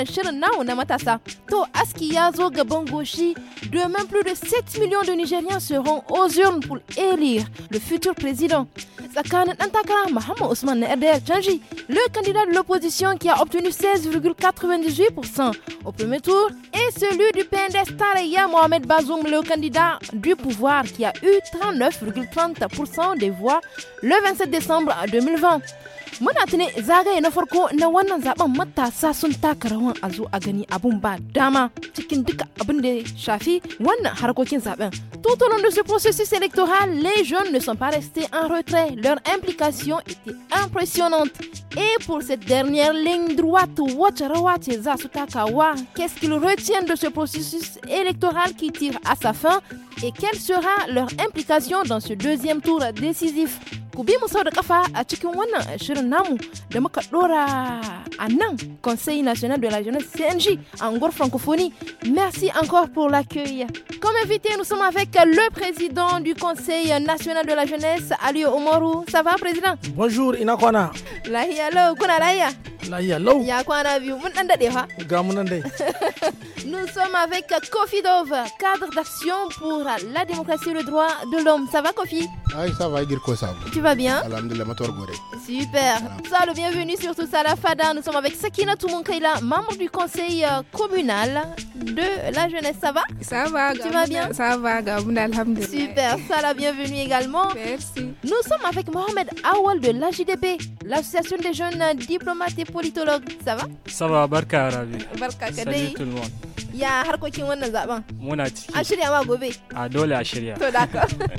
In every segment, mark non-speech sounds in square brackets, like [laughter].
To demain plus de 7 millions de Nigériens seront aux urnes pour élire le futur président. le candidat de l'opposition qui a obtenu 16,98% au premier tour, et celui du PNDS Tareya Mohamed Bazoum, le candidat du pouvoir qui a eu 39,30% des voix le 27 décembre 2020 tout au long de ce processus électoral les jeunes ne sont pas restés en retrait leur implication était impressionnante et pour cette dernière ligne droite qu'est-ce qu'ils retiennent de ce processus électoral qui tire à sa fin et quelle sera leur implication dans ce deuxième tour décisif ku bi mu sau da kafa a cikin wannan shirin namu da muka dora a Nan, Conseil national de la jeunesse CNJ, en gros francophonie. Merci encore pour l'accueil. Comme invité, nous sommes avec le président du Conseil national de la jeunesse, Ali Omoru. Ça va, président Bonjour, Inakwana. Lahiya lau, kuna lahiya Lahiya lau. Ya kwana biyu, mun dan dade fa. Ga mun dai [laughs] Nous sommes avec Kofi Dove, cadre d'action pour la démocratie et le droit de l'homme. Ça va, Kofi Ah, ça va, dire quoi ça va va bien Super. Salut, bienvenue sur Tout ça la Fada. Nous sommes avec Sakina Toumunkaila, membre du conseil euh, communal de la jeunesse. Ça va Ça va. Tu vas bien Ça va, Gabouna, Super, ça la bienvenue également. Merci. Nous sommes avec Mohamed Awal de l'AJDP, l'Association des jeunes diplomates et politologues. Ça va Ça va, Barka Arabi. Barka Salut tout le monde. Ya harkokin wannan zaben? Muna ciki. A shirya ma gobe? A dole a shirya. To d'accord. [laughs]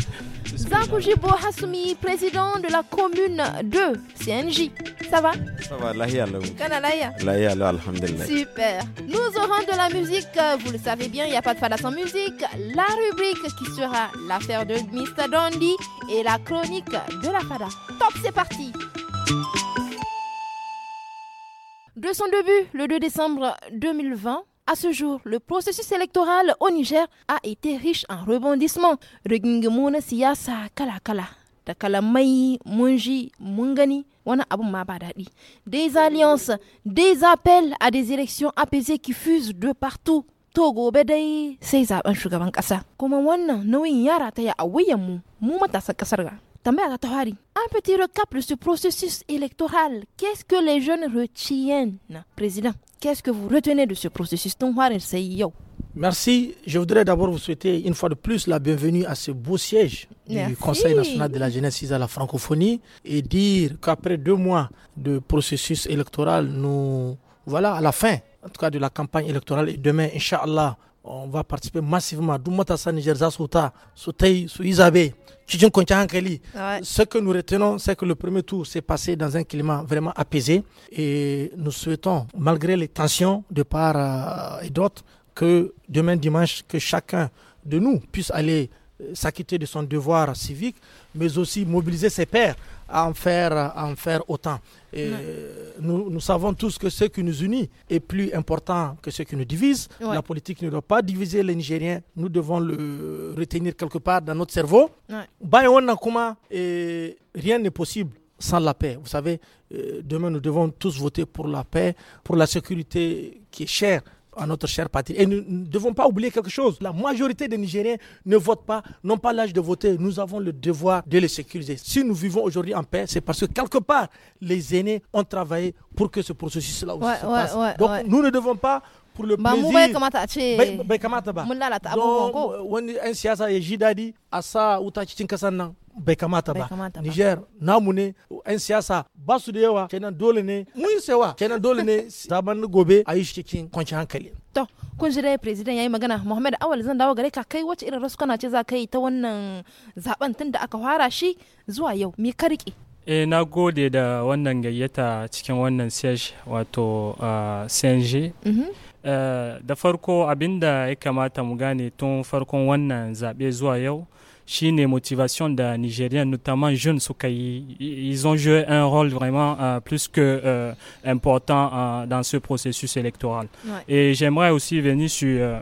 Zakujibo Hasumi, président de la commune de CNJ. Ça va Ça va, Lahia Kana Lahia Lahia alhamdulillah. Super. Nous aurons de la musique vous le savez bien, il n'y a pas de fada sans musique. La rubrique qui sera l'affaire de Mr. Dandy et la chronique de la fada. Top, c'est parti De son début, le 2 décembre 2020, à ce jour, le processus électoral au Niger a été riche en rebondissements. sa Siyasa Kalakala da kalamai mun mun gani wani abun ba daɗi des alliances des appels à des élections apaisées qui fusent de partout Togo, gobe dai sai zaben shugaban kasa kuma wannan nauyin yara ta ya a mu mu matasan kasar ga tambaya ta un petit recap ce processus électoral qu'est-ce que les jeunes retiennent président qu'est-ce que vous retenez de ce processus ton Merci. Je voudrais d'abord vous souhaiter une fois de plus la bienvenue à ce beau siège du Conseil national de la jeunesse à la francophonie et dire qu'après deux mois de processus électoral, nous voilà à la fin, en tout cas de la campagne électorale. demain, Inch'Allah, on va participer massivement. Doumata Souta, Ce que nous retenons, c'est que le premier tour s'est passé dans un climat vraiment apaisé et nous souhaitons, malgré les tensions de part euh, et d'autre, que demain dimanche, que chacun de nous puisse aller euh, s'acquitter de son devoir civique, mais aussi mobiliser ses pairs à en faire, en faire autant. Et euh, nous, savons tous que ce qui nous unit est plus important que ce qui nous divise. La politique ne doit pas diviser les Nigériens. Nous devons le retenir quelque part dans notre cerveau. Et rien n'est possible sans la paix. Vous savez, euh, demain, nous devons tous voter pour la paix, pour la sécurité qui est chère à notre chère parti Et nous ne devons pas oublier quelque chose. La majorité des Nigériens ne votent pas, n'ont pas l'âge de voter. Nous avons le devoir de les sécuriser. Si nous vivons aujourd'hui en paix, c'est parce que quelque part, les aînés ont travaillé pour que ce processus-là aussi se passe. Donc nous ne devons pas pour le ba mu bai kamata a ce bai kamata ba mun lalata abubuwan ko wani yan siyasa ya ji dadi a sa wuta cikin kasar nan bai kamata ba Niger namu ne yan siyasa ba su da yawa kenan dole ne mun sewa kenan dole ne saban [laughs] gobe a yi cikin kwanci hankali to kun ji dai president yayi magana Muhammad Awal zan dawo gare ka kai wacce irin rasukana ce za ka yi ta wannan zaben tun da aka fara shi zuwa yau me ka rike e eh, na gode da wannan gayyata cikin wannan siege wato uh, ah, CNG mm -hmm. Uh, da farko abinda ya kamata mu gane tun farkon wannan zuwa yau motivation da Nigériens, notamment jeunes, ils ont joué un rôle vraiment eh, plus que eh, important dans ce processus électoral. Et j'aimerais aussi venir sur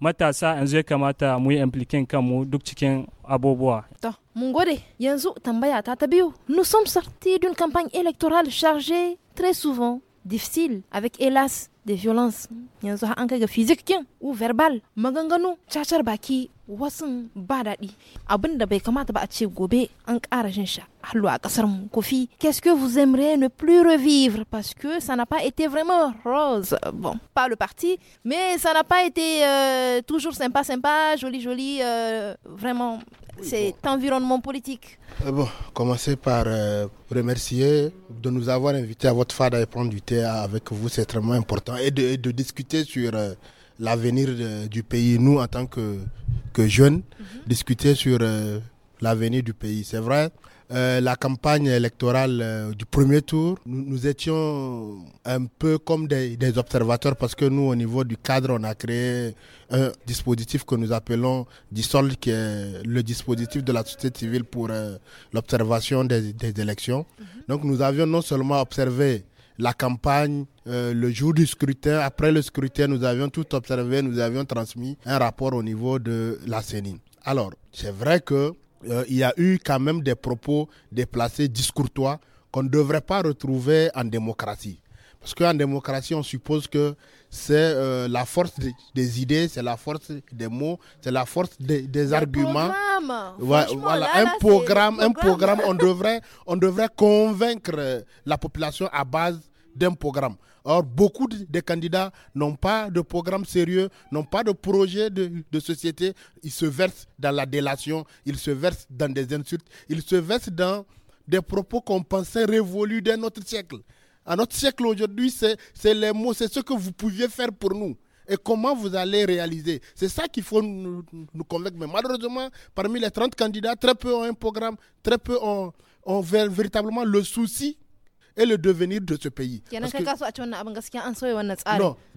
matasa yanzu ya kamata mu yi implikin kanmu duk cikin abubuwa. To, mun gode yanzu tambaya ta ta biyu. Nous sommes sortis d'une campagne électorale chargée très souvent difficile avec hélas des violences yanzu har an kai ga physique kin ou verbal maganganu cacar baki qu'est-ce que vous aimeriez ne plus revivre parce que ça n'a pas été vraiment rose bon pas le parti mais ça n'a pas été euh, toujours sympa sympa joli joli euh, vraiment cet environnement politique euh, Bon, commencez par remercier de nous avoir invités à votre fada et prendre du thé avec vous, c'est vraiment important, et de, et de discuter sur l'avenir du pays, nous en tant que, que jeunes, mhm. discuter sur euh, l'avenir du pays. C'est vrai, euh, la campagne électorale euh, du premier tour, nous, étions un peu comme des, observateurs parce que nous, au niveau du cadre, on a créé un dispositif que nous appelons DISOL, qui est le dispositif de la société civile pour l'observation des, des, élections. Mhm. Donc nous avions non seulement observé la campagne euh, le jour du scrutin, après le scrutin, nous avions tout observé, nous avions transmis un rapport au niveau de la sénine. Alors, c'est vrai que euh, il y a eu quand même des propos déplacés, discourtois, qu'on ne devrait pas retrouver en démocratie. Parce qu'en démocratie, on suppose que c'est euh, la force des, idées, c'est la force des mots, c'est la force des, arguments. Voilà, un programme, un programme. on devrait, on devrait convaincre la population à base d'un programme. Or, beaucoup des candidats n'ont pas de programme sérieux, n'ont pas de projet de, société. Ils se versent dans la délation, ils se versent dans des insultes, ils se versent dans des propos qu'on pensait révolus d'un autre siècle. À notre siècle aujourd'hui, c'est les mots, c'est ce que vous pouviez faire pour nous et comment vous allez réaliser. C'est ça qu'il faut nous, convaincre. Mais malheureusement, parmi les 30 candidats, très peu ont un programme, très peu ont véritablement le souci et le devenir de ce pays.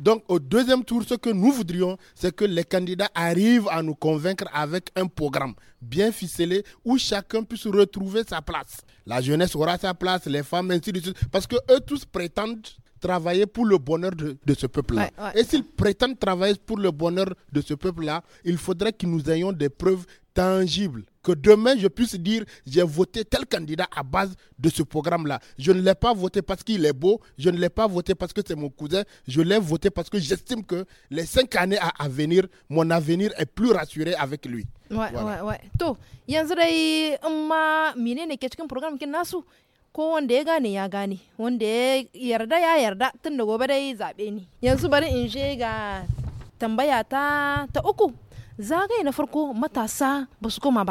Donc au deuxième tour, ce que nous voudrions, c'est que les candidats arrivent à nous convaincre avec un programme bien ficelé où chacun puisse retrouver sa place. La jeunesse aura sa place, les femmes, ainsi de suite. Parce que eux tous prétendent travailler pour le bonheur de, ce peuple-là. Et s'ils prétendent travailler pour le bonheur de ce peuple-là, il faudrait que nous ayons des preuves tangibles que demain je puisse dire j'ai voté tel candidat à base de ce programme-là. Je ne l'ai pas voté parce qu'il est beau, je ne l'ai pas voté parce que c'est mon cousin, je l'ai voté parce que j'estime que les cinq années à, venir, mon avenir est plus rassuré avec lui. Ouais, voilà. ouais, ouais. To, yanzu dai ma ke cikin programme kin nasu ko wanda ya gane ya gane, wanda ya yarda ya yarda tun da gobe dai zabe ni. Yanzu bari in ga tambaya ta ta uku zagaye na farko matasa ba su koma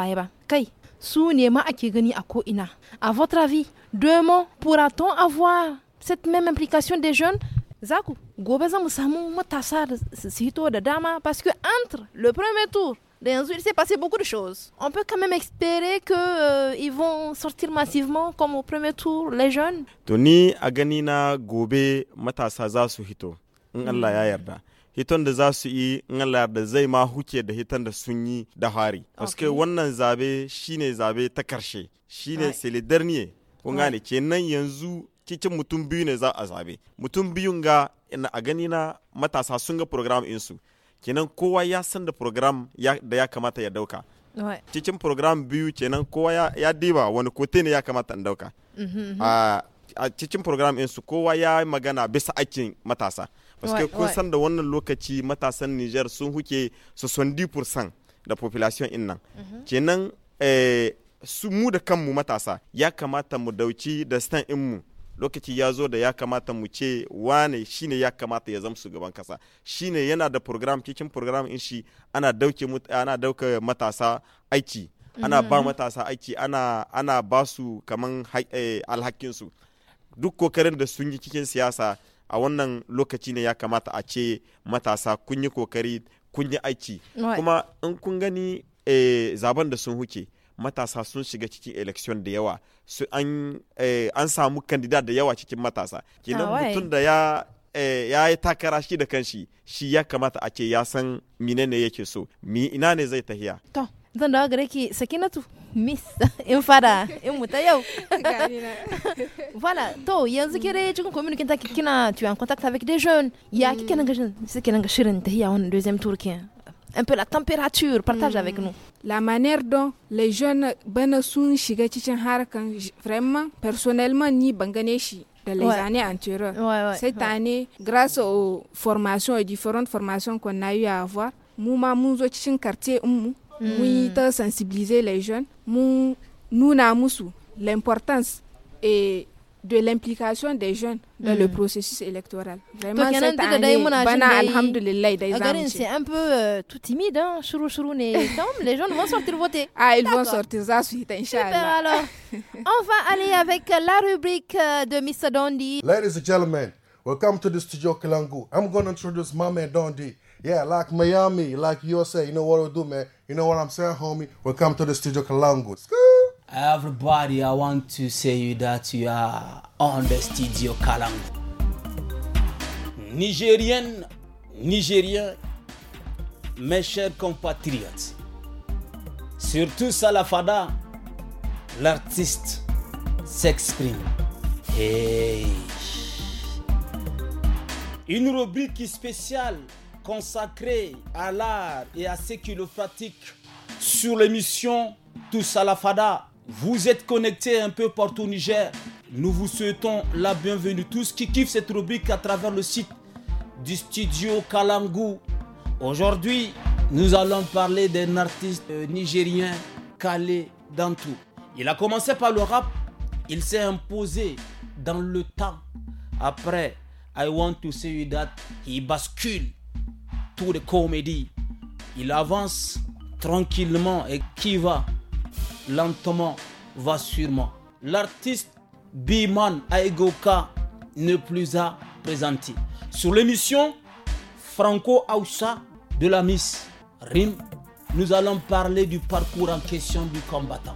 kai su ne ma ake gani a ko'ina a votre avis demain pourra-t-on avoir cette même implication des jeunes Zakou, gobe za mu samu matasa su hito da dama parce que entre le premier tour da il s'est passé beaucoup de choses on peut quand même espérer que euh, ils vont sortir massivement comme au premier tour les jeunes to ni a gani na gobe matasa za su hito in Allah ya hmm. yarda hiton da za su yi in da zai ma huke da hiton da sun yi da hari Oske wannan zabe shine zabe ta karshe shine selidar ne kun gane kenan yanzu cikin mutum biyu ne za a zabe mutum biyun ga a gani na matasa sun ga program insu kenan kowa ya san da program da ya kamata ya dauka cikin program biyu kenan kowa ya diba wani kote ne ya kamata in dauka mhm, mhm. a cikin program insu kowa ya magana bisa aikin matasa parce que kun san da wannan lokaci matasan Niger sun huke 70% da population in nan mhm. kenan eh, su mu da kanmu matasa ya kamata mu dauci da stan mu lokaci ya zo da ya kamata mu ce wane shine ya kamata ya zama shugaban kasa shine yana da program cikin program in shi ana dauke ana dauka matasa aiki ana ba mhm. matasa aiki ana ana ba su kaman eh, alhakin su duk kokarin da sun yi cikin siyasa a wannan lokaci ne ya kamata a ce matasa kun yi kokari kun yi aiki kuma in kun gani eh, zaben da sun huce matasa sun shiga cikin election da yawa eh, an samu kandida da yawa cikin matasa kenan mutum da ya eh, ya yi takara shi da kanshi shi ya kamata a ce ya san menene yake so mi ina ne zai tahiya zan dawo gare ki tu. miss [laughs] in fada in muta yau [laughs] [laughs] voilà to yanzu ke dai cikin community ta kina tu en contact avec des jeunes ya kike nan gashin suke nan gashirin ta hiya wannan deuxième tour un peu la température partage avec mm. nous la manière dont les jeunes bana sun shiga cikin harkan vraiment personnellement ni ban gane shi les ouais. années antérieures. Ouais, ouais, Cette année, grâce aux formations, aux différentes formations qu'on a eu à avoir, nous avons quartier oui, mm. sensibiliser les jeunes Nous, nous musu l'importance et de l'implication des jeunes dans le hmm. processus électoral. Vraiment, Donc, cette année, alhamdoulilah, c'est un peu euh, tout timide, hein? Chourou, chourou, [laughs] les jeunes vont sortir voter. Ah, ils vont sortir ça suite, Super, alors. [laughs] On va aller avec la rubrique euh, de Mr. Dondi. Ladies and gentlemen, welcome to the studio Kilangu. I'm going to introduce Mame Dondi. Yeah, like Miami, like USA. You know what we'll do, man? You know what I'm saying, homie? we come to the studio Kalango. Everybody, I want to say you that you are on the studio Kalango. Nigérienne, Nigérien, mes chers compatriotes, surtout Salafada, l'artiste s'exprime. Hey. Une rubrique spéciale consacré à l'art et à ceux qui le pratiquent sur l'émission Tous à la Fada. Vous êtes connectés un peu partout au Niger. Nous vous souhaitons la bienvenue. Tous qui kiffent cette rubrique à travers le site du studio Kalangu. Aujourd'hui, nous allons parler d'un artiste nigérien calé dans tout. Il a commencé par le rap. Il s'est imposé dans le temps. Après I Want to say That, il bascule de comédie. Il avance tranquillement et qui va lentement va sûrement. L'artiste Biman aegoka ne plus a présenté. Sur l'émission Franco Aoussa de la Miss Rim, nous allons parler du parcours en question du combattant.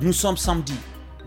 Nous sommes samedi.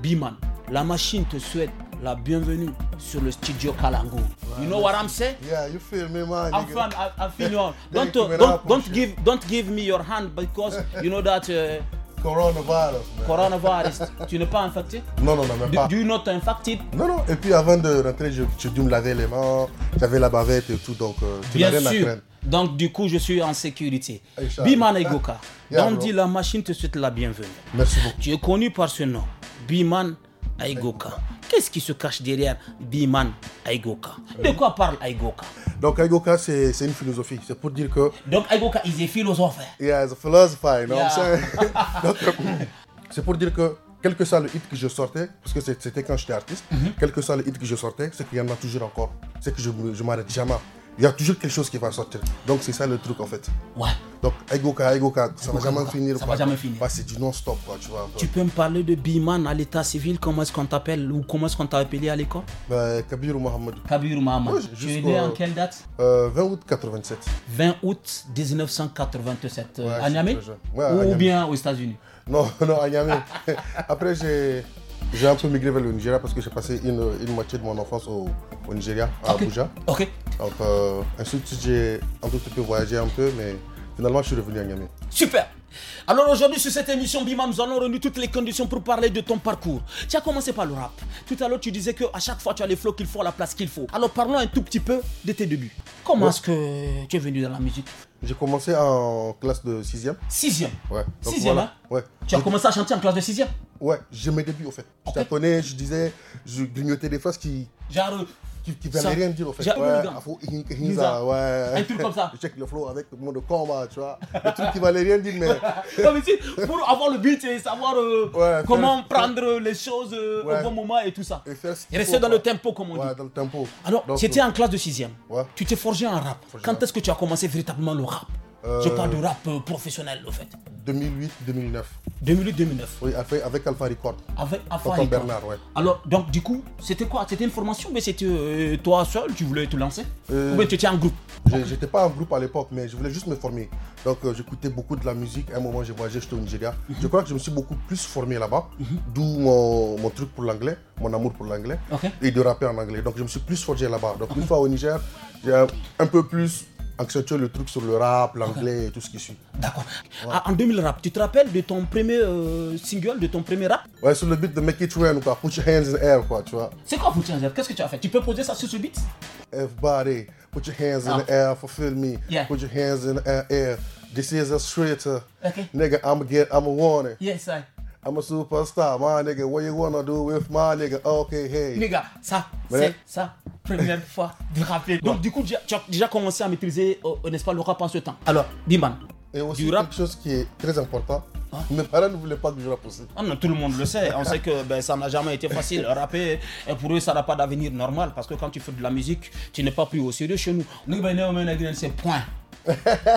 Biman, la machine te souhaite la bienvenue sur le studio Kalangu. You know what I'm saying? Yeah, you feel me, man. I'm fine, I, I feel you. [laughs] don't don't don't give don't give me your hand because [laughs] you know that. Uh, coronavirus. Coronavirus. tu n'es pas infecté Non, non, non, même pas. Do, you not infected Non, non. Et puis avant de rentrer, je, je dû me laver les mains. J'avais la bavette et tout, donc euh, tu n'as rien sûr. Donc, du coup, je suis en sécurité. Biman Egoka, [laughs] Donc dis la machine te souhaite la bienvenue. Merci beaucoup. Tu es connu par ce nom, Biman Aigoka. Qu'est-ce qui se cache derrière Biman Aigoka De quoi parle Aigoka Donc Aigoka, c'est une philosophie. C'est pour dire que... Donc Aigoka, il est philosophe. Yeah, he's a philosopher, you know what I'm saying [laughs] [laughs] C'est pour dire que, quel que soit le hit que je sortais, parce que c'était quand j'étais artiste, mhm. quel que soit le hit que je sortais, c'est qu'il y en a toujours encore. C'est que je m'arrête jamais il y a toujours quelque chose qui va sortir. Donc c'est ça le truc en fait. Ouais. Donc ego Aigoka, ça ne va jamais finir. Ça va jamais finir. Bah, c'est du non-stop quoi, tu vois. Tu peux me parler de Biman à l'état civil, comment est-ce qu'on t'appelle ou comment est-ce qu'on t'a appelé à l'école bah, Kabir Mohamed. Kabir Mohamed. tu es né en quelle date 20 euh, août 87. 20 août 1987. Euh, à Niamey Ou bien aux États-Unis Non, non, à Niamey. [laughs] Après j'ai... J'ai un peu migré vers le Nigeria parce que j'ai passé une, moitié de mon enfance au, au Nigeria, à Abuja. Ok. Donc, ensuite, euh, j'ai un tout peu voyagé un peu, mais finalement, je suis revenu à Niamey. Super alors aujourd'hui, sur cette émission Bimam, nous allons réunir toutes les conditions pour parler de ton parcours. Tu as commencé par le rap. Tout à l'heure, tu disais que à chaque fois, tu as les flots qu'il faut, la place qu'il faut. Alors parlons un tout petit peu de tes débuts. Comment est-ce que tu es venu dans la musique J'ai commencé en classe de 6 Sixième 6 Ouais. 6 hein? Ouais. Tu as commencé à chanter en classe de sixième Ouais, j'ai mes débuts au fait. Okay. Je t'apprenais, je disais, je grignotais des phrases qui. Genre, qui, ne rien dire au fait. Ouais, faut Hinza, ouais. Un truc comme ça. [laughs] Je check le flow avec le monde de combat, tu vois. Le truc qui valait rien dire, mais. [laughs] non, mais pour avoir le but et savoir euh, comment prendre les choses euh, au bon moment et tout ça. Et, rester dans le tempo, comme on dit. Ouais, dans le tempo. Alors, tu étais euh, en classe de 6 Tu t'es forgé en rap. Quand est-ce que tu as commencé véritablement le rap euh, je parle de rap euh, professionnel, au fait. 2008-2009. 2008-2009. Oui, avec, Alpha Record. Avec Alpha Record. Bernard, ouais. Alors, donc, du coup, c'était quoi C'était une formation, mais c'était euh, toi seul, tu voulais te lancer Ou bien tu étais en groupe J'étais pas en groupe à l'époque, mais je voulais juste me former. Donc, j'écoutais beaucoup de la musique. un moment, j'ai voyagé, j'étais au Nigeria. Mhm. Je crois que je me suis beaucoup plus formé là-bas, mhm. d'où mon, truc pour l'anglais, mon amour pour l'anglais, et de rapper en anglais. Donc, je me suis plus forgé là-bas. Donc, une fois au Niger, j'ai un peu plus accentuer le truc sur le rap, l'anglais et tout ce qui suit. D'accord. Ah, en 2000 rap, tu te rappelles de ton premier euh, single, de ton premier rap Ouais, sur le beat de Make It Rain, quoi. Put your hands in the air, quoi, tu vois. C'est quoi Put your hands in the air Qu'est-ce que tu as fait Tu peux poser ça sur ce beat Everybody, put your hands in ah. the air, fulfill me. Put your hands in the air. This is a straighter. Uh, okay. Nigga, I'm a get, I'm a warning. Yes, I. I'm a superstar, my nigga. What you wanna do with my nigga? Ok, hey. Les ça, c'est ça. Première [laughs] fois de rapper. Donc, du coup, tu as déjà commencé à maîtriser, euh, euh, n'est-ce pas, le rap en ce temps. Alors, Diman. Et aussi, du quelque chose qui est très important. Hein? Mes parents ne voulaient pas que je rappe aussi. Ah non, tout le monde le sait. On sait que ben, ça n'a jamais été facile. [laughs] Rapper, et pour eux, ça n'a pas d'avenir normal. Parce que quand tu fais de la musique, tu n'es pas pris au sérieux chez nous. Nous, ben, on a c'est point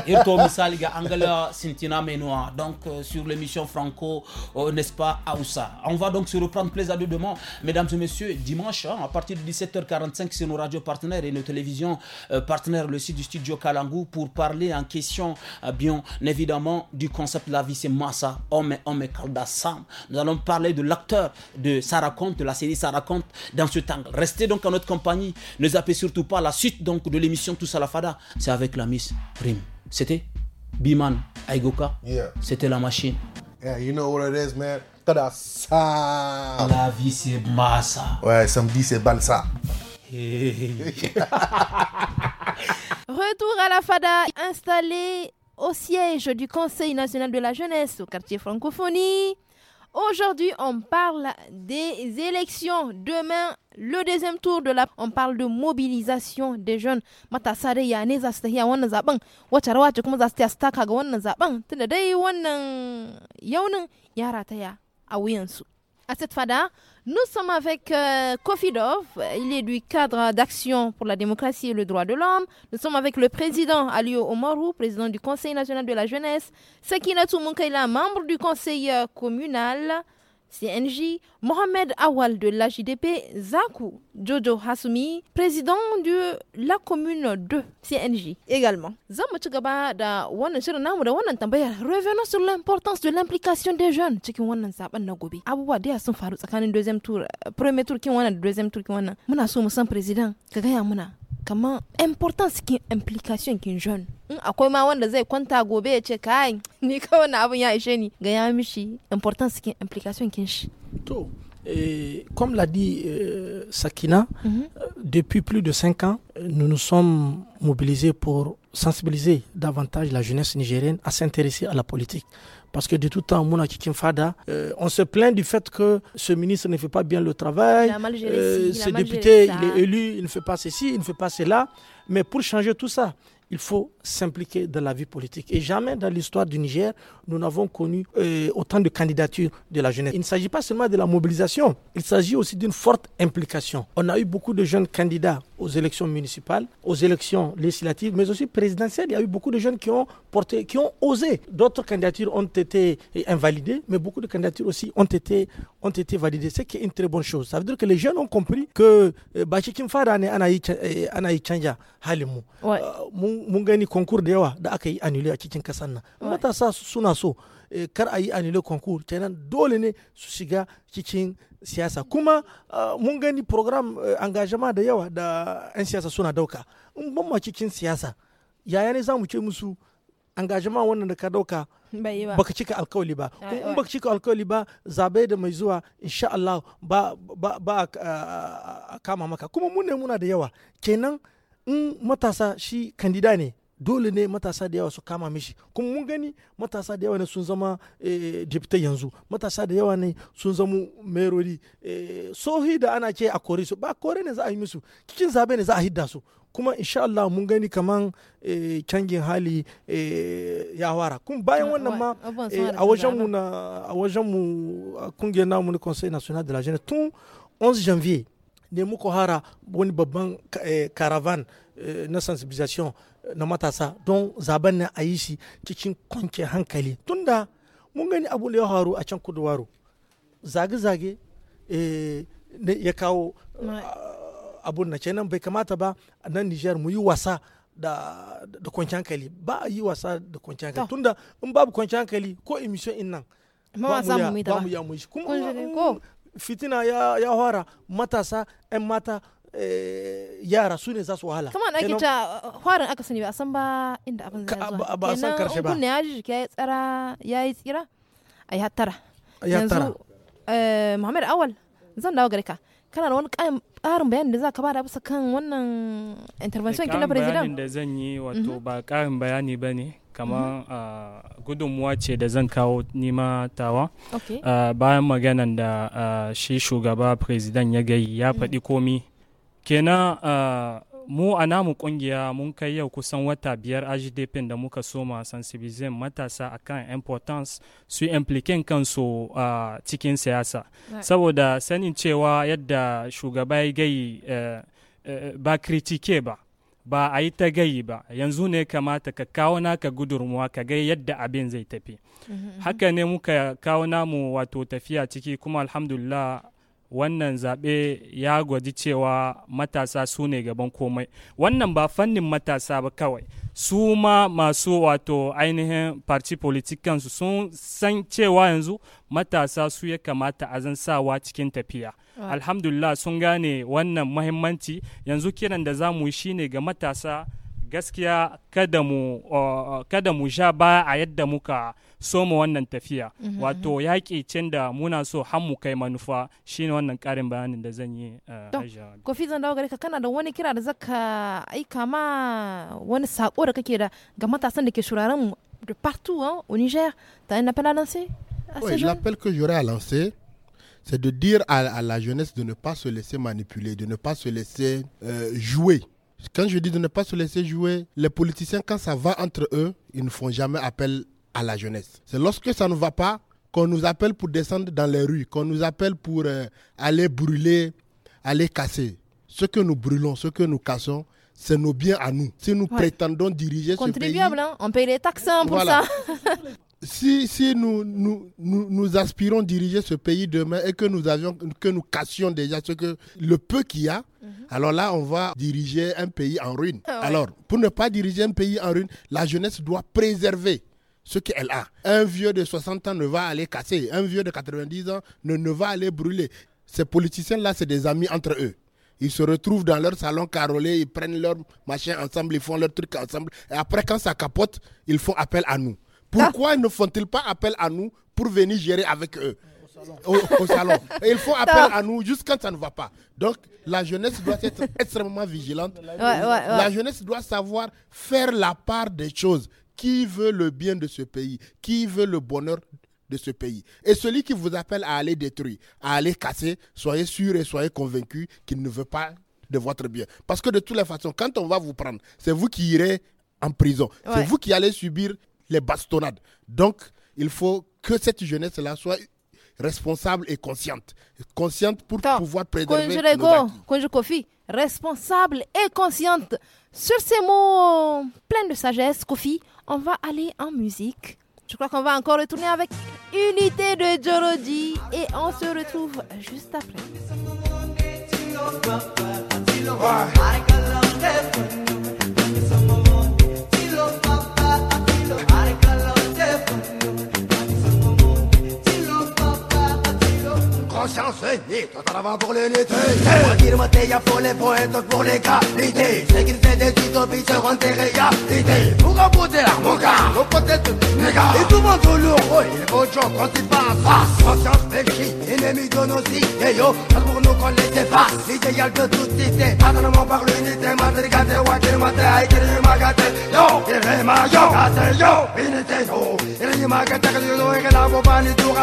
irto les gars, Angela sintina menoa donc euh, sur l'émission franco euh, n'est-ce pas Aoussa on va donc se reprendre plaisir demain mesdames et messieurs dimanche hein, à partir de 17h45 sur nos radios partenaires et nos télévisions euh, partenaires le site du studio Kalangu pour parler en question bien évidemment du concept de la vie c'est massa homme et homme et Sam nous allons parler de l'acteur de ça raconte de la série ça raconte dans ce temps restez donc en notre compagnie ne zappez surtout pas la suite donc de l'émission tous à la fada c'est avec la miss c'était Biman, Aigoka. C'était la machine. Yeah, you know what it is, man. La vie, c'est massa. Ouais, samedi, c'est balsa. [laughs] Retour à la FADA, Installé au siège du Conseil national de la jeunesse au quartier francophonie. Aujourd'hui, on parle des élections. Demain, le deuxième tour de la... On parle de mobilisation des jeunes. sare ya ne za su tafiya wannan zaben. Wace rawa ce kuma za su tafiya ga wannan zaben. Tunda dai wannan yaunin yara ta ya a A cette fada, nous sommes avec euh, Kofidov, Kofi il est du cadre d'action pour la démocratie et le droit de l'homme. Nous sommes avec le président Alio Omarou, président du Conseil national de la jeunesse, Sakina Toumunkaila, membre du conseil euh, communal. CNJ, Mohamed Awal de l'AJDP, Zaku, Jojo Hasumi, président de la commune de CNJ également. da Revenons sur l'importance de l'implication des jeunes. Cikin wannan zaben Nagobi. Abuwa dia da sun faru tsakanin deuxième tour, euh, premier tour kin wannan deuxième tour kin wannan. Muna so mu san president, ka muna important importance qui implication kin jeune hein, akwai ma wanda zai kwanta gobe ya ce kai [laughs] ni kawai wannan abin ya ishe ni ga ya mishi importance kin implication kin shi to Et eh, comme l'a dit euh, Sakina, mm -hmm. depuis plus de cinq ans, nous nous sommes mobilisés pour sensibiliser davantage la jeunesse nigérienne à s'intéresser à la politique. Parce que de tout temps, Mouna Kikinfada, euh, on se plaint du fait que ce ministre ne fait pas bien le travail, ce député, il est élu, il ne fait pas ceci, il ne fait pas cela. Mais pour changer tout ça, il faut s'impliquer dans la vie politique. Et jamais dans l'histoire du Niger, nous n'avons connu euh, autant de candidatures de la jeunesse. Il ne s'agit pas seulement de la mobilisation, il s'agit aussi d'une forte implication. On a eu beaucoup de jeunes candidats aux élections municipales, aux élections législatives, mais aussi présidentielles. Il y a eu beaucoup de jeunes qui ont porté, qui ont osé. D'autres candidatures ont été euh, invalidées, mais beaucoup de candidatures aussi ont été, ont été validées, C'est qui est une très bonne chose. Ça veut dire que les jeunes ont compris que euh, Bachikim Anaï Chanja mun gani konkur da yawa da aka yi anule a cikin kasan nan matasa suna so eh, kar a yi anule konkur kenan dole ne su shiga cikin siyasa kuma ah, mun gani program eh, engagement da yawa da 'yan siyasa suna dauka in ban ma cikin siyasa yaya ne za mu ce musu engagement wannan da ka dauka baka cika alkawali ba in baka cika alkawali ba zabe da mai zuwa insha Allah ba ba a kama maka kuma mun ne muna da yawa kenan in matasa shi kandida ne dole ne matasa da yawa su kama mishi kuma mun gani matasa da yawa ne sun zama eh, yanzu matasa da yawa ne sun zama merori eh, sohi da ana ce a kore su ba kore ne za a yi musu cikin zabe ne za a hidda su kuma insha Allah mun gani kaman eh, cangin hali ya wara kuma bayan wannan ma a wajenmu na a wajenmu kungiyar namu na conseil national de la jeunesse tun 11 janvier ne muka hara wani babban eh, caravan eh, na sensibilisation eh, na matasa don zaben na a yi shi cikin kwanke hankali tunda mun gani abu da ya faru a can kuduwaru zage-zage ya kawo abun na kenan bai kamata ba nan nijar mu yi wasa da, da hankali ba a yi wasa da kwanciyar hankali tunda in babu kwanciyar hankali ko emission in nan ba mu ya mu yi kuma fitina ya, ya fara matasa 'yan mata eh, yara su ne za su wahala kamar ake ta farin eh, aka sani ba a san ba inda abin zai zuwa ba a san karshe ba ya ji ya yi tsara ya yi tsira a yi hattara yanzu eh, muhammad awal zan dawo gare ka kana da wani ƙarin bayani da za ka bada bisa kan wannan intervention kin na president da zan yi wato ba ƙarin bayani ba ne kamar ah, gudunmuwa ce da zan kawo nima tawa Okay. Ah, bayan maganan da ah, shi shugaba president ya gai ya mm. faɗi komi kenan mu a namu kungiya mun kai yau kusan wata biyar agdp da muka soma sensibilizin matasa akan importance su impliken kansu a cikin siyasa saboda sanin cewa yadda shugaba ya uh, ba kritike ba ba a yi ta gayi ba yanzu ne kamata ka kawo naka gudurmuwa ka ga yadda abin zai tafi mhm, mhm. haka ne muka kawo namu wato tafiya ciki kuma alhamdulillah wannan zaɓe ya gwaji cewa matasa su ne gaban komai wannan ba fannin matasa ba kawai su ma masu wato ainihin parti politikansu sun san cewa yanzu matasa su ya kamata a zan sawa cikin tafiya alhamdulillah sun gane wannan mahimmanci yanzu kiran da za mu yi shine ga matasa gaskiya kada mu sha uh, uh, baya a yadda muka soma wannan tafiya mhm. wato yaƙi cin da muna so har mu kai manufa shine wannan ƙarin bayanin da zan yi eh, kofi zan dawo gare ka kana da wani kira da zaka aika ma wani sako da kake da ga matasan da ke shuraren mu de partout hein, au Niger tu as un appel à lancer à oui, l'appel que j'aurais à lancer c'est de dire à, la jeunesse de ne pas se laisser manipuler, de ne pas se laisser euh, jouer. Quand je dis de ne pas se laisser jouer, les politiciens, quand ça va entre eux, ils ne font jamais appel à la jeunesse. C'est lorsque ça ne va pas qu'on nous appelle pour descendre dans les rues, qu'on nous appelle pour euh, aller brûler, aller casser. Ce que nous brûlons, ce que nous cassons, c'est nos biens à nous. Si nous prétendons diriger ce pays... Hein, on paye les taxes hein, pour ça. [laughs] si, si nous, nous, nous, aspirons diriger ce pays demain et que nous, avions, que nous cassions déjà ce que, le peu qu'il y a, mhm. alors là, on va diriger un pays en ruine. Ah alors, pour ne pas diriger un pays en ruine, la jeunesse doit préserver ce qu'elle a. Un vieux de 60 ans ne va aller casser, un vieux de 90 ans ne, ne va aller brûler. Ces politiciens-là, c'est des amis entre eux. Ils se retrouvent dans leur salon carolé, ils prennent leur machin ensemble, ils font leur truc ensemble. Et après, quand ça capote, ils font appel à nous. Pourquoi ah. ne font-ils pas appel à nous pour venir gérer avec eux au, salon. [laughs] ils font appel à nous juste quand ça ne va pas. Donc, la jeunesse doit être extrêmement vigilante. La jeunesse doit savoir faire la part des choses qui veut le bien de ce pays, qui veut le bonheur de ce pays. Et celui qui vous appelle à aller détruire, à aller casser, soyez sûr et soyez convaincu qu'il ne veut pas de votre bien. Parce que de toutes les façons, quand on va vous prendre, c'est vous qui irez en prison. C'est vous qui allez subir les bastonnades. Donc, il faut que cette jeunesse-là soit responsable et consciente. Consciente pour pouvoir préserver nos Kofi, responsable et consciente. Sur ces mots pleins de sagesse, Kofi, on va aller en musique. Je crois qu'on va encore retourner avec Unité de Jorodi et on se retrouve juste après. conscience ni tout en avant pour l'unité C'est moi il y a pour les poètes, pour les qualités te des utopies seront Pour mon nos Et tout monde il gens quand ils passent Conscience péché, ennemi de nos yo C'est pour nous qu'on les efface, l'idéal de toute cité par l'unité, madrigate, magate Yo, magate, yo, yo, unité yo yo,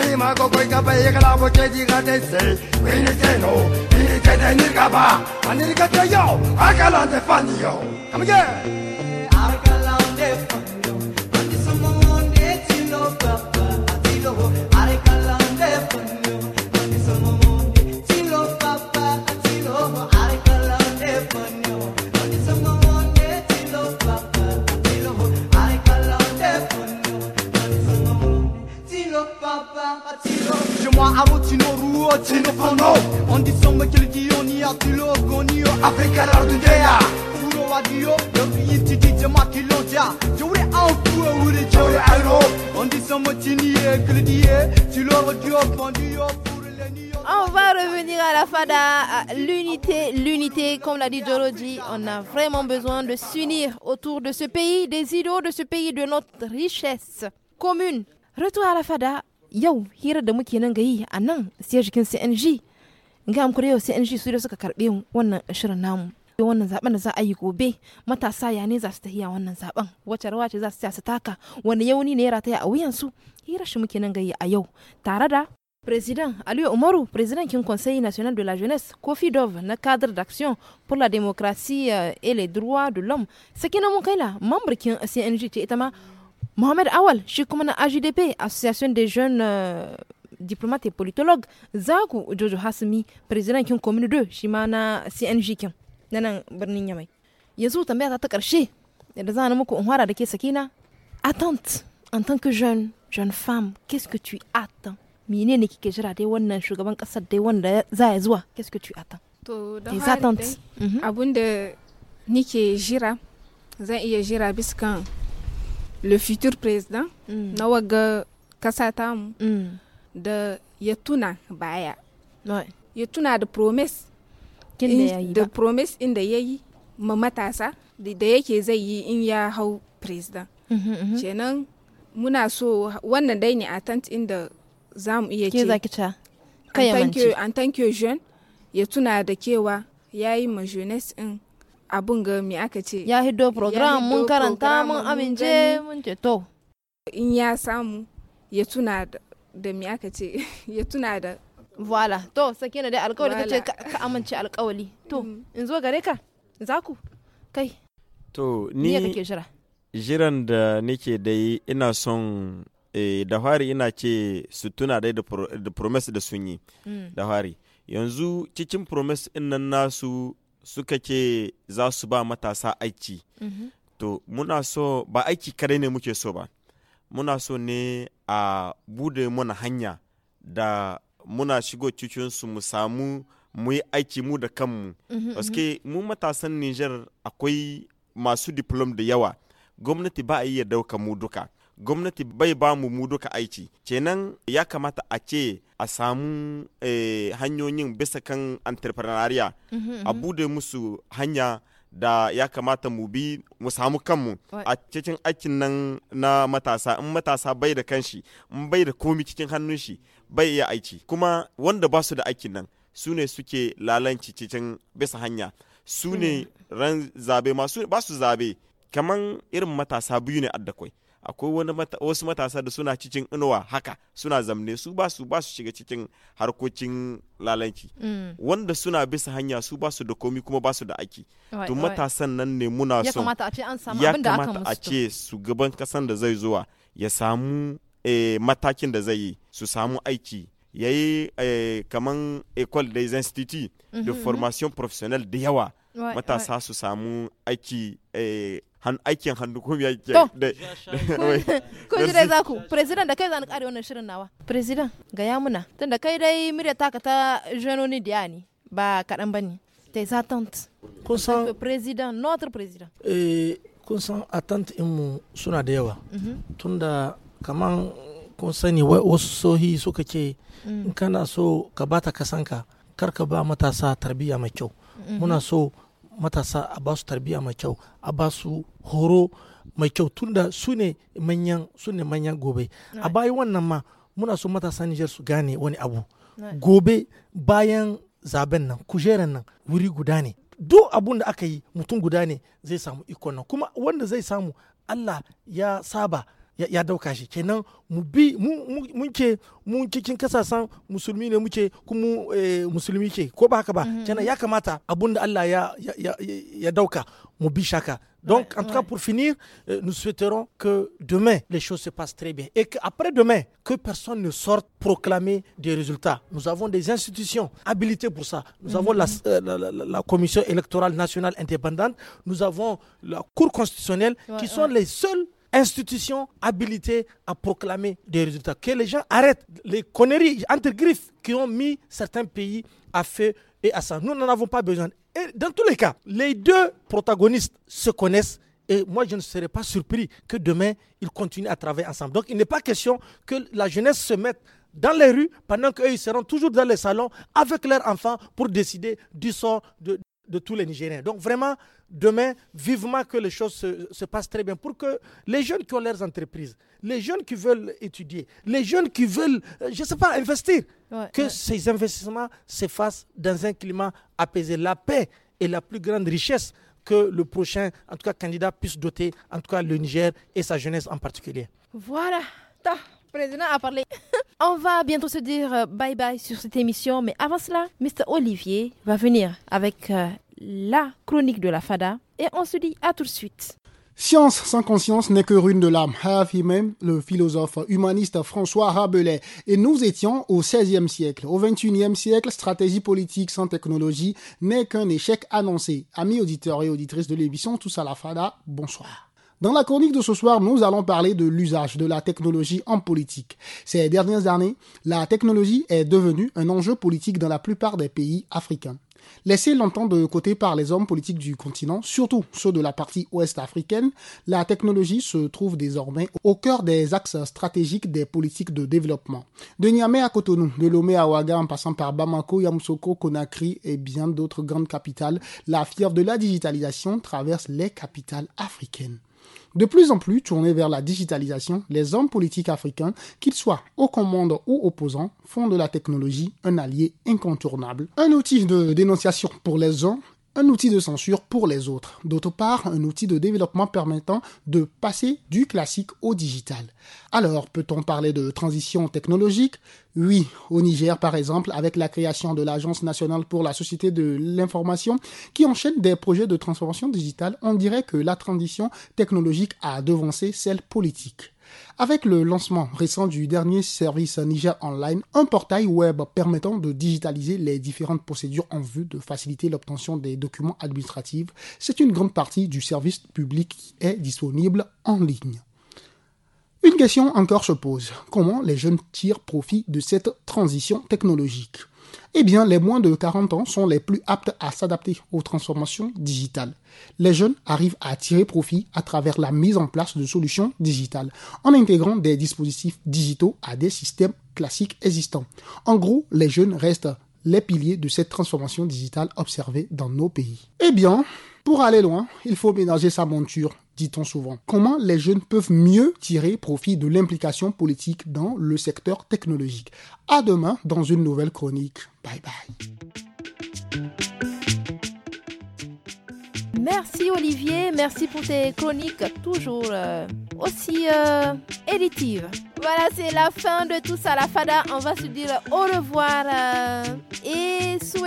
la Tu 돼지가 됐을 위니테노 위니테네 니가봐 아니니가 돼요 아갈란데 파니요 감게 Ah, on va revenir à la FADA, l'unité, l'unité, comme l'a dit Jorodi, on a vraiment besoin de s'unir autour de ce pays, des idoles de ce pays, de notre richesse commune. Retour à la FADA, yau hirar da muke nan ga a nan sai jikin CNG ga amkuri yau CNG su da suka karbe wannan shirin namu wannan zaben da za a yi gobe matasa ya ne za su tahiya wannan zaben Wacce rawa ce za su su taka wani yauni ne ya rataya a wuyan su. hirar shi muke nan gayi a yau tare da president Aliyu Umaru president du Conseil national de la jeunesse, Kofi Dove, na cadre d'action pour la démocratie et les droits de l'homme. Sakina Moukaila, membre du CNG, Mohamed Awal, je suis commandant AJDP, Association des Jeunes euh, Diplomates et Politologues, zaku Jojo Hasmi, de la Commune 2, shi ma na CNG kin, na nan birnin Yamai. Yanzu tambaya ta ta Je da za muku in da ke sakina. Attente, en tant que jeune, jeune femme, qu'est-ce que tu attends? Je suis jira dai wannan shugaban de dai za ya zuwa? Qu'est-ce que tu attends? To, attentes. Mm -hmm. Abun jira, zan iya jira biskan le futur president mm. na waga kasata mu mm. da ya tuna baya ya tuna da promise da promise inda ya yi ma matasa da yake zai yi in ya hau president mhm, mhm. kenan mm -hmm, muna so wannan dai ne attempt inda za mu iya ce an thank you jean ya tuna da kewa ya yi ma jeunesse in abin ga me aka ce ya hiddo program mun karanta mun amince mun ce to in ya samu ya tuna da me aka ce [laughs] ya tuna da voila to sakina dai alkawali ce ka amince alkawali to mm. in zo gare ka za ku kai to ni jiran da nake dai ina son eh, da fari ina ce su tuna dai da, promise da sun yi mm. da fari yanzu cikin promise ɗin nan nasu suka ke za su ba matasa aiki mm-hmm. to muna so ba aiki kadai ne muke so ba muna so ne a bude mana hanya da muna shigo cikinsu mu samu mu yi aiki mu da kanmu mm-hmm, paske mm-hmm. mu matasan nijar akwai masu diplom da yawa gwamnati ba a iya dauka mu duka gwamnati bai ba mu mu duka aiki kenan ya kamata a ce a samu eh, hanyoyin bisa kan entrepreneuria mhm, mhm. a bude musu hanya da ya kamata mu bi mu samu kanmu a cikin aikin nan na matasa in matasa bai da kanshi in bai da komi cikin hannun shi bai iya aiki kuma wanda ba su da aikin nan su ne suke lalanci cikin bisa hanya su ne ran zabe masu ba su zabe kaman irin matasa biyu ne addakwai akwai wasu matasa da suna cikin inuwa haka suna zamne su ba su shiga cikin harkokin lalanci mm. wanda suna bisa hanya su ba su da komi kuma ba su da aki to matasan nan ne muna son ya kamata a ce su gaban kasan da zai zuwa ya samu eh, matakin da zai yi su samu aiki ya yi eh, kaman ecole des instituts de mm-hmm, mm-hmm. formation professionnelle da yawa matasa su samu aiki eh, aikin hannu ko ya ke da [laughs] kun ji dai za ku president da kai za ni kare wannan shirin nawa president ga ya muna tunda kai dai murya taka ta jenoni diya ne ba kaɗan ba ne yi za kun san president notre president eh kun san attentes in mu suna da yawa mhm. tunda kaman kun sani wasu sohi suka ce mm. in kana so ka bata kasanka kar ka ba matasa tarbiyya mai kyau mhm. muna so matasa a ba su tarbiyya mai kyau a ba su horo mai kyau tunda su ne manyan su ne manyan gobe a bayan wannan ma muna so matasa Nijar su gane wani abu gobe bayan zaben nan kujeran nan wuri guda ne duk abun da aka yi mutum guda ne zai samu ikon nan kuma wanda zai samu Allah ya saba kuma ya ya Donc, en tout cas, pour finir, euh, nous souhaiterons que demain, les choses se passent très bien et qu'après demain, que personne ne sorte proclamer des résultats. Nous avons des institutions habilitées pour ça. Nous avons la, mm-hmm. euh, Commission électorale nationale indépendante, nous avons la Cour constitutionnelle, qui sont les seuls institution habilitée à proclamer des résultats. Que les gens arrêtent les conneries entre griffes qui ont mis certains pays à feu et à sang. Nous n'en avons pas besoin. Et dans tous les cas, les deux protagonistes se connaissent et moi, je ne serais pas surpris que demain, ils continuent à travailler ensemble. Donc, il n'est pas question que la jeunesse se mette dans les rues pendant qu'eux, ils seront toujours dans les salons avec leurs enfants pour décider du sort de, de tous les Nigériens. Donc vraiment, demain, vivement que les choses se, passent très bien pour que les jeunes qui ont leurs entreprises, les jeunes qui veulent étudier, les jeunes qui veulent, euh, je ne sais pas, investir, que ces investissements se fassent dans un climat apaisé. La paix est la plus grande richesse que le prochain, en tout cas, candidat puisse doter, en tout cas, le Niger et sa jeunesse en particulier. Voilà président a parlé. [laughs] On va bientôt se dire euh, bye bye sur cette émission, mais avant cela, Mr. Olivier va venir avec euh, la chronique de la FADA et on se dit à tout de suite. Science sans conscience n'est que rune de l'âme, a même le philosophe humaniste François Rabelais. Et nous étions au 16e siècle. Au 21e siècle, stratégie politique sans technologie n'est qu'un échec annoncé. Amis auditeurs et auditrices de l'émission, tous à la fada, bonsoir. Dans la chronique de ce soir, nous allons parler de l'usage de la technologie en politique. Ces dernières années, la technologie est devenue un enjeu politique dans la plupart des pays africains. Laissée longtemps de côté par les hommes politiques du continent, surtout ceux de la partie ouest africaine, la technologie se trouve désormais au cœur des axes stratégiques des politiques de développement. De Niamey à Cotonou, de Lomé à Ouaga en passant par Bamako, Yamoussoukro, Conakry et bien d'autres grandes capitales, la fièvre de la digitalisation traverse les capitales africaines de plus en plus tournés vers la digitalisation, les hommes politiques africains, qu'ils soient aux commandes ou opposants, font de la technologie un allié incontournable, un outil de dénonciation pour les uns un outil de censure pour les autres. D'autre part, un outil de développement permettant de passer du classique au digital. Alors, peut-on parler de transition technologique Oui, au Niger par exemple, avec la création de l'Agence nationale pour la société de l'information qui enchaîne des projets de transformation digitale, on dirait que la transition technologique a devancé celle politique. Avec le lancement récent du dernier service Niger Online, un portail web permettant de digitaliser les différentes procédures en vue de faciliter l'obtention des documents administratifs, c'est une grande partie du service public qui est disponible en ligne. Une question encore se pose. Comment les jeunes tirent profit de cette transition technologique eh bien, les moins de 40 ans sont les plus aptes à s'adapter aux transformations digitales. Les jeunes arrivent à tirer profit à travers la mise en place de solutions digitales, en intégrant des dispositifs digitaux à des systèmes classiques existants. En gros, les jeunes restent les piliers de cette transformation digitale observée dans nos pays. Eh bien, pour aller loin, il faut ménager sa monture, dit-on souvent. Comment les jeunes peuvent mieux tirer profit de l'implication politique dans le secteur technologique À demain dans une nouvelle chronique. Bye bye. Merci Olivier, merci pour tes chroniques toujours euh, aussi euh, éditives. Voilà, c'est la fin de tout ça, la fada. On va se dire au revoir. Euh,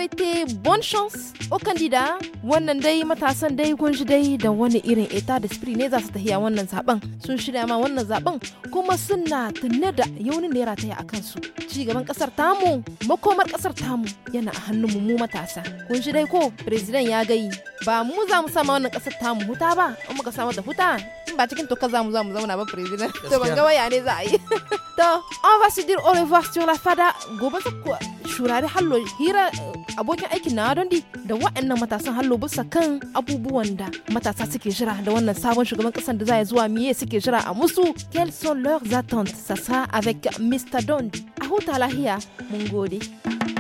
souhaiter bonne chance au candidat wannan dai matasan dai kun shi dai da wani irin eta da spirit ne za su a wannan zaben sun shirya ma wannan zaben kuma suna tunne da yaunin da ya yi a kansu ci gaban kasar tamu makomar kasar tamu yana a hannun mu matasa kun shi dai ko president ya gayi ba mu za mu sama wannan kasar tamu huta ba in muka samar da huta in ba cikin toka zamu zamu zauna ba president to ban ga waya ne za a yi [laughs] to an ba su dir au revoir sur la fada gobe su ku shurari hallo hira eh, abokin aikin na don di da waɗannan matasan hallo bisa kan abubuwan da matasa suke jira da wannan sabon shugaban kasan da za ya zuwa miye suke jira a musu quelles sont leurs attentes ça sera avec Mr Don a huta lahiya mun gode